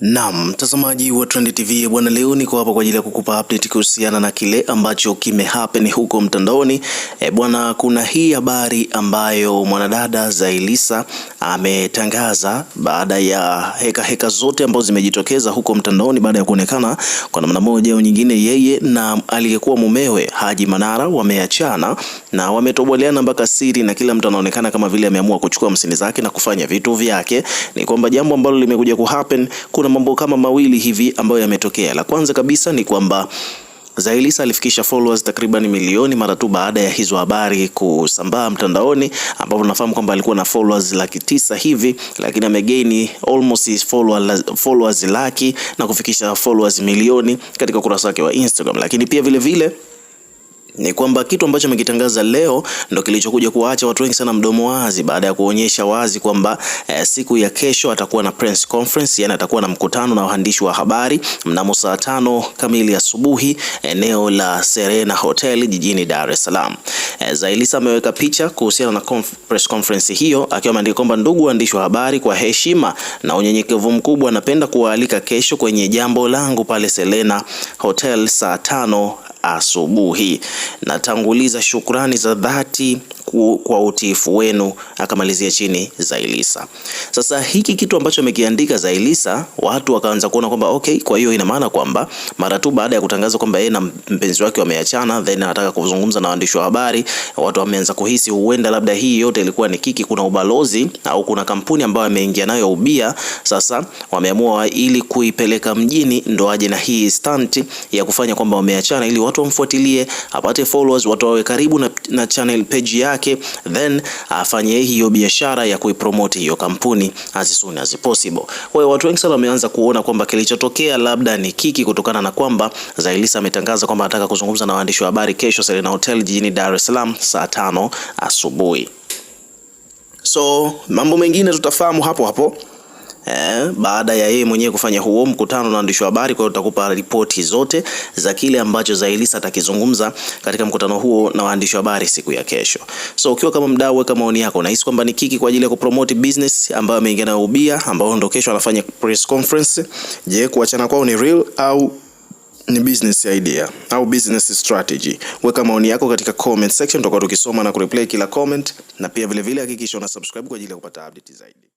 Naam, mtazamaji wa Trend TV bwana, leo niko hapa kwa ajili ya kukupa update kuhusiana na kile ambacho kimehappen huko mtandaoni. E bwana, kuna hii habari ambayo mwanadada Zailisa ametangaza baada ya heka heka zote ambazo zimejitokeza huko mtandaoni, baada ya kuonekana kwa namna moja au nyingine, yeye na aliyekuwa mumewe Haji Manara wameachana na wametoboleana mpaka siri, na kila mtu anaonekana kama vile ameamua kuchukua msini zake na kufanya vitu vyake. Ni kwamba jambo ambalo limekuja ku happen, kuna mambo kama mawili hivi ambayo yametokea. La kwanza kabisa ni kwamba Zailisa alifikisha followers takriban milioni mara tu baada ya hizo habari kusambaa mtandaoni, ambapo nafahamu kwamba alikuwa na followers laki tisa hivi, lakini amegaini almost followers, followers laki na kufikisha followers milioni katika ukurasa wake wa Instagram, lakini pia vilevile vile, ni kwamba kitu ambacho amekitangaza leo ndo kilichokuja kuwaacha watu wengi sana mdomo wazi, baada ya kuonyesha wazi kwamba eh, siku ya kesho atakuwa na press conference, yani atakuwa na mkutano na waandishi wa habari mnamo saa tano kamili asubuhi eneo la Serena Hotel jijini Dar es Salaam. Eh, Zailisa ameweka picha kuhusiana na conf press conference hiyo akiwa ameandika kwamba ndugu waandishi wa habari, kwa heshima na unyenyekevu mkubwa, napenda kuwaalika kesho kwenye jambo langu pale Serena Hotel saa tano asubuhi. Natanguliza shukrani za dhati kwa utiifu wenu. Akamalizia chini Zailisa. Sasa hiki kitu ambacho amekiandika Zailisa, watu wakaanza kuona kwamba okay, kwa hiyo ina maana kwamba mara tu baada ya kutangaza kwamba yeye na mpenzi wake wameachana, then anataka kuzungumza na waandishi wa habari, watu wameanza kuhisi huenda labda hii yote ilikuwa ni kiki, kuna ubalozi au kuna kampuni ambayo ameingia nayo ubia. Sasa wameamua ili kuipeleka mjini, ndo aje na hii stunt ya kufanya kwamba wameachana, ili watu wamfuatilie, apate followers, watu wawe karibu na, na channel page yake zake then afanye hiyo biashara ya kuipromote hiyo kampuni as soon as possible. Kwa hiyo watu wengi sana wameanza kuona kwamba kilichotokea labda ni kiki, kutokana na kwamba Zailisa ametangaza kwamba anataka kuzungumza na waandishi wa habari kesho Serena Hotel jijini Dar es Salaam saa tano asubuhi. So mambo mengine tutafahamu hapo hapo. Eh, baada ya yeye mwenyewe kufanya huo mkutano na waandishi wa habari. Kwa hiyo tutakupa ripoti zote za kile ambacho Zaiylissa atakizungumza katika mkutano huo na waandishi wa habari siku ya kesho. So ukiwa kama mdau, weka maoni yako. Unahisi kwamba ni kiki kwa ajili ya kupromote business ambayo ameingia na ubia, ambao ndio kesho anafanya press conference. Je, kuachana kwao ni real au ni business idea au business strategy? Weka maoni yako katika comment section, tutakuwa tukisoma na kureply kila comment, na pia vilevile hakikisha una subscribe kwa ajili ya kupata update zaidi.